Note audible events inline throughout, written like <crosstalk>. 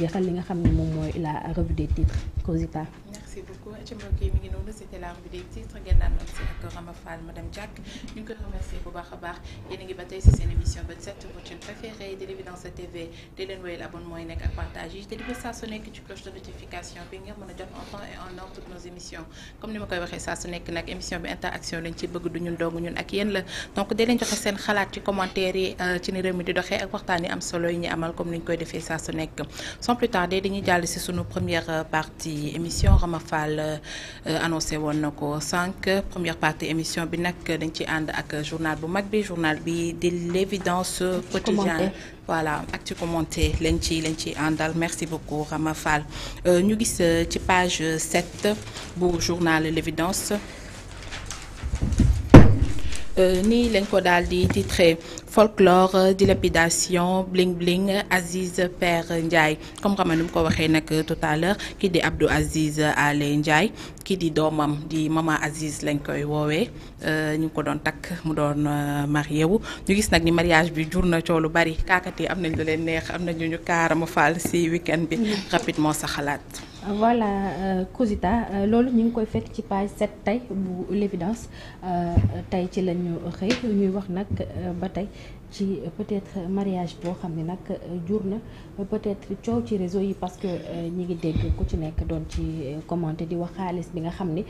jeexal li nga xam ne moom mooy la revue des titres Rosita merci ngi noonu c'était la revue des titres ngeen naan noonu si ak Rama Fall madame Diack ñu koy remercier bu baax a baax yéen ngi ba tey si seen émission bët set votre préférée di l'Évidence te di ko comme ni ma koy waxee saa su nekk nag émission bi interaction lañ ci bëgg du ñun dong ñun ak yéen la donc di leen joxe seen xalaat ci commentaire euh, ci ni réew mi di doxee ak waxtaan yi am solo yi ñu amal comme ni ñu koy defee saa su nekk sans plus tarder dañuy jàll Mor Fall euh, annoncé woon na ko sànq première partie émission bi nag dañ ci ànd ak journal bu mag bi journal bi di l'évidence quotidienne voilà ak ci commenté lañ ci lañ ci àndal merci beaucoup Rama Fall euh, ñu gis euh, ci page 7 bu journal l'évidence Euh, nii lañ ko daal di titré folklore dilapidation bling bling Aziz Père Ndiaye comme xam nu mu ko waxee nag tout à kii di Abdou Aziz Ale Ndiaye kii di doomam di mama Aziz lañ koy woowee euh, ñu ngi ko doon takk mu doon euh, marié wu ñu gis nag ni mariage bi jur na coow lu bari kaakati am nañ lu leen neex am nañu ñu kaarama faal ci week-end bi mm. rapidement sa xalaat. voilà Kouzita euh, euh, loolu ñu ngi koy fekk ci page 7 tey bu l'évidence euh, tey ci la xëy ñuy wax nag ba tey ci peut-être mariage boo xam ni nag jur na peut-être coow ci réseau yi parce que ñu ngi dégg ku ci nekk doon ci commenter di wax xaalis bi nga xam ni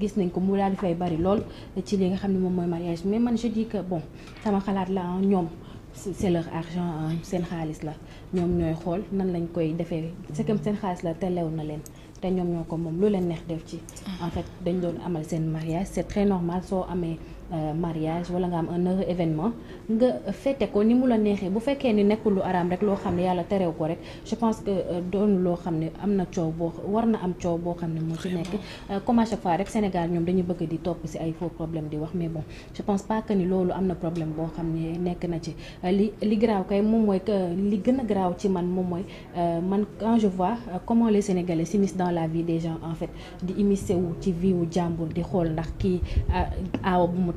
gis nañ ko mu daal di fay bari lool ci li nga xam ne moom mooy mariage mais man je dis que bon sama xalaat la ñoom. c'est leur argent euh, seen xaalis la ñoom ñooy xool nan lañ koy defee c'est comme seen xaalis la te lew na leen te ñoom ñoo ko moom lu leen neex def ci ah. en fait dañ doon amal seen mariage c'est très normal soo amee Euh, mariage wala nga am un heureux événement nga fete ko ni mu la neexee bu fekkee ni nekkul lu araam rek loo xam ne yàlla terew ko rek je pense que euh, doon loo xam ne am na coow boo war na am coow boo xam ne moo ci nekk euh, comme à chaque fois rek Sénégal ñoom dañu bëgg di topp si ay faux problème di wax mais bon je pense pas ni loolu am na problème boo xam ne nekk na ci li li garaaw kay moom mooy li gën a garaaw ci man moom mooy man quand je vois comment les Sénégalais s'immiscent dans la vie des gens en fait di immiscé wu ci vie wu jàmbur di xool ndax kii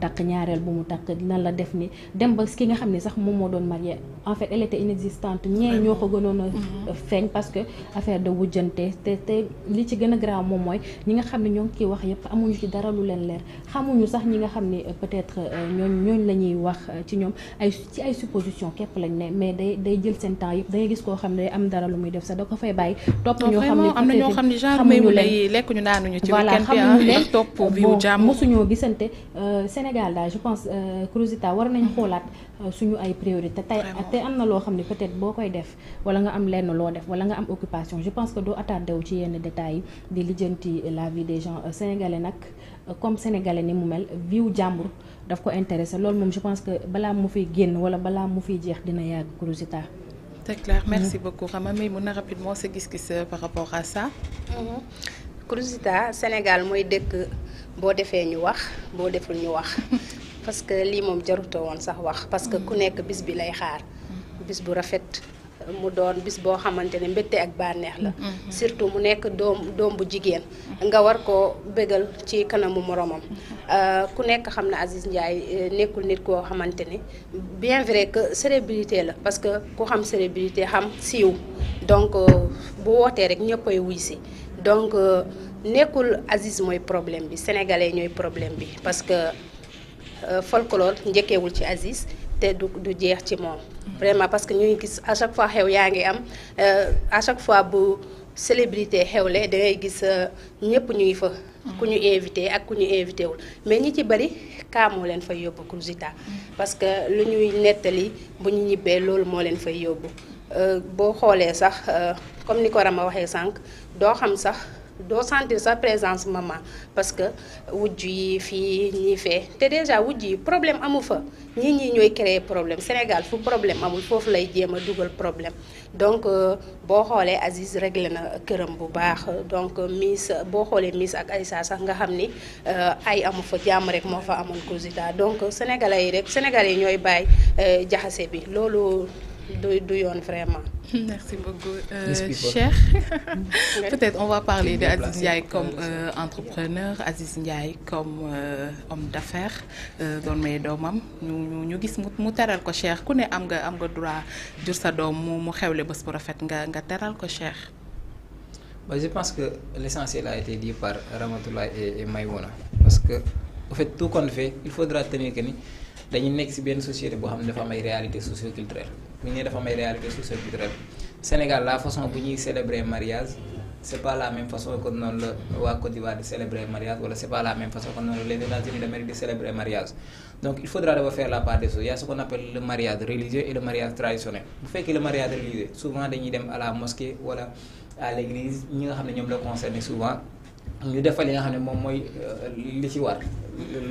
takk ñaareel bu mu takk nan la def ni dem ba ki nga xam ne sax moom moo doon marié en fait elle était inexistante ñee ñoo ko gënoon a mm-hmm. feeñ parce que affaire de wujjante te te li ci gën a grave moom mooy ñi nga xam ne ñoo ngi ciy wax yëpp amuñu ci dara lu leen leer xamuñu sax euh, peut-être euh, ñooñ ñooñ la ñuy wax euh, ci ñoom ay supposition képp lañ ne mais day day jël seen temps yëpp da ngay gis koo xam ne day am dara lu muy def sax da ko fay bàyyi topp ñoo xam ne am na ñoo xam ñu ci voilà xamuñu ah, leen topp bi jàmm mosuñoo Sénégal daal je pense euh, Cruzita war nañ xoolaat euh, suñu ay priorité tey am na loo xam ne peut boo koy def wala nga am lenn loo def wala nga am occupation je pense que doo attardé wu ci yenn détails yi di lijjanti la vie des gens euh, sénégalais nag comme sénégalais ni mu mel viwu jàmbur daf ko intéressé loolu moom je pense que balaa mu fiy génn wala balaa mu fi jeex dina yàgg Cruzita c'est clair merci mm-hmm. beaucoup xam nga may na rapidement sa gis-gis par rapport à ça mm-hmm. Cruzita boo defee ñu wax boo deful ñu wax <laughs> parce que lii moom jaruta woon sax wax parce que ku mm-hmm. nekk bis bi lay xaar mm-hmm. bis bu rafet mu doon bis boo xamante ne mbégte ak bànneex la mm-hmm. surtout mu nekk doom doom bu jigéen nga war koo bégal ci kanamu moromam euh, ku nekk xam na Aziz Ndiaye euh, nekkul nit koo xamante ne bien vrai que célébrité la parce que ku xam célébrité xam siiw donc euh, bu wootee rek ñëppay wuy si donc nekkul Aziz mooy problème bi sénégalais ñooy problème bi parce que euh, folklore njëkkeewul ci Aziz te du du jeex ci moom. vraiment parce que ñu ngi gis à chaque fois xew yaa ngi am euh, à chaque fois bu célébrité xewle da ngay gis euh, ñëpp ñuy fa. ku ñu invité ak ku ñu invité wul mais ñi ci bëri kaamoo leen fay yóbbu Cruzita. parce que lu ñuy nettali bu ñu ñibbee loolu moo leen fay yóbbu boo xoolee sax comme ni ko Rama waxee sànq doo xam sax. doo sentir sa présence maman parce que wujj yi fii ñii fee te déjà wujj yi problème amu fa ñii ñii ñooy créer problème Sénégal fu problème amul foofu lay jéem a dugal problème donc euh, boo xoolee Aziz réglé na këram bu baax donc Miss boo xoolee Miss ak ay saa sax nga xam ni euh, ay amu fa jàmm rek moo fa amoon Kouzida donc sénégalais yi rek sénégalais yi ñooy bàyyi euh, jaxase bi loolu du du yoon vraiment. <laughs> merci beaucoup euh, Cheikh <laughs> <laughs> peut-être on va parler de Aziz Ndiaye comme euh, entrepreneur Aziz Ndiaye comme euh, homme d'affaires euh, doon may doomam ñu gis mu mu teral ko Cheikh ku ne am nga am nga droit jur sa doom mu mu xewle bés bu rafet nga nga teral ko Cheikh. Bah, je pense que l'essentiel a été dit par Ramatoulaye et, et Maïmouna parce que au fait tout qu'on fait il faudra tenir que ni. dañuy nekk si benn société boo xam ne dafa am ay réalité socioculturelle bu ñu ne dafa am ay réalité socioculturelle Sénégal la façon bu ñuy célébrer mariage c'est pas la même façon que noonu la waa Côte d'Ivoire di célébrer mariage wala c'est pas la même façon que noonu les États-Unis d'Amérique di célébrer mariage donc il faudra d'abord faire la part des choses il y a ce qu'on appelle le mariage religieux et le mariage traditionnel bu fekkee ñu defal li nga xam ne moom mooy euh, li ci war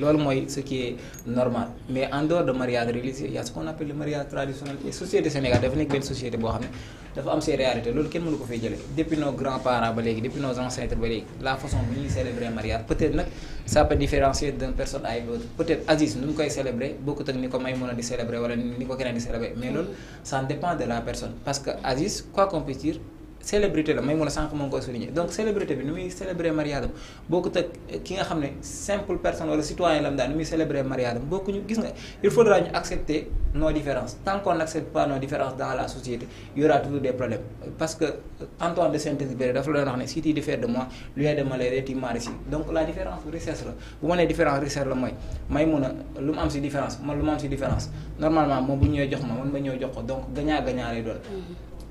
loolu mooy ce qui est normal mais en dehors de mariage religieux y a ce qu'on appelle mariage traditionnel et société Sénégal dafa nekk benn société boo xam ne dafa am ses réalités loolu kenn mënu ko fay jëlee depuis nos grands-parents ba léegi depuis nos ba léegi la façon bi ñuy célébrer mariage peut-être nag ça peut différencier d'une personne à une peut-être Aziz nu mu koy célébrer bokkut ak ni ko Maïmouna di di que célébrité la may mun a sànq moo ngi koy souligner donc célébrité bi ni muy célébrer mariage am bokkut ak ki nga xam ne simple personne wala citoyen lam daal ni muy célébrer mariage am bokkuñu gis nga il faudra ñu accepter nos différences tant qu'on n'accepte pas nos différences dans la société y aura toujours des parce que euh, Antoine de Saint-Exupéry dafa la wax ne si tu de moi lu de ma ma la mooy may ma man ko donc gagnant gagnant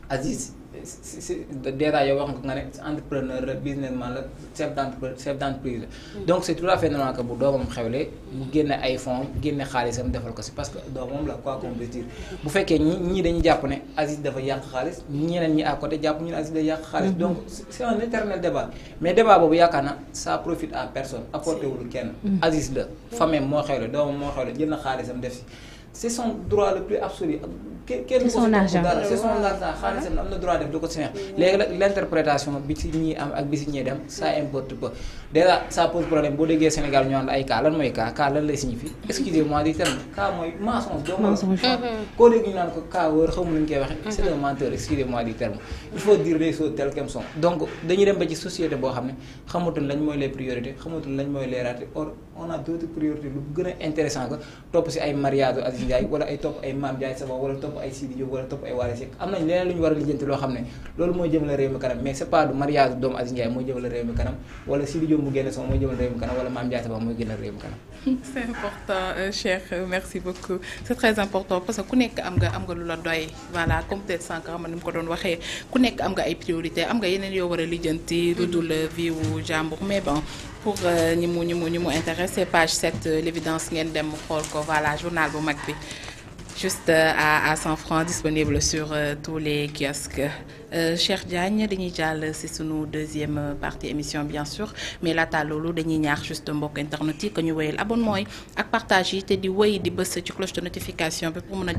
Aziz si si déjà yow wax nga ne entrepreneur la businessman la chef d' entre chef la. Hmm. donc c' est tout à fait normal que bu doomam xewlee. mu hmm. génne ay fonds génne xaalisam defal ko si parce que doomam la quoi qu'on hmm. bu fekkee ñi ñii dañu jàpp ne Aziz dafa yàq xaalis ñeneen ñi à côté jàpp ñu ne Aziz day yàq xaalis. donc c' est un éternel débat mais débat boobu yaakaar na ça profite à personne apporté wul kenn. Aziz la famille moo xewle doomam moo xewle jël xaalisam def si. c'est son droit le plus absolu kenn son argent c'est son argent am na droit def lu ko si neex léegi nag l'interprétation bi ci ñii am ak bi ci ñii dem ça importe peu déjà ça pose problème boo déggee Sénégal ñu ànd ay cas lan mooy cas cas lan lay signifie excusez-moi du terme cas mooy mensonge doo mensonge koo dégg ñu naan ko cas wër xamu lu koy waxee c'est un menteur excusez-moi du terme il faut dire les choses telles qu'elles sont donc dañuy dem ba ci société boo xam ne xamatuñ lañ mooy les priorités xamatuñ lañ mooy les ratés or on a d'autres priorités si ay mariage Youssou Ndiaye wala ay topp ay Mame Ndiaye Savon wala topp ay Sidi Diop wala topp ay Wally Seck am nañ leneen lu ñu war a lijjanti loo xam ne loolu mooy jëmale réew mi kanam mais c'est pas du mariage doomu Aziz Ndiaye mooy jëmale réew mi kanam wala Sidi Diop mu génne son réew mi kanam wala Mame Ndiaye Savon mooy génne réew mi kanam <laughs> c'est euh, euh, important parce que ku nekk am nga am nga lu la doy voilà comme peut-être ni mu ko doon waxee ku nekk am nga ay a mhm. euh, juste euh, à à 100 francs disponible sur euh, tous les kiosques euh, Cheikh Diagne dañuy jàll ci sunu deuxième partie émission bien sûr mais laata loolu dañuy ñaax juste mbokk internet yi que ñu wéyal abonnement yi ak partage yi te di wéy di bës ci cloche de notification bi pour mën a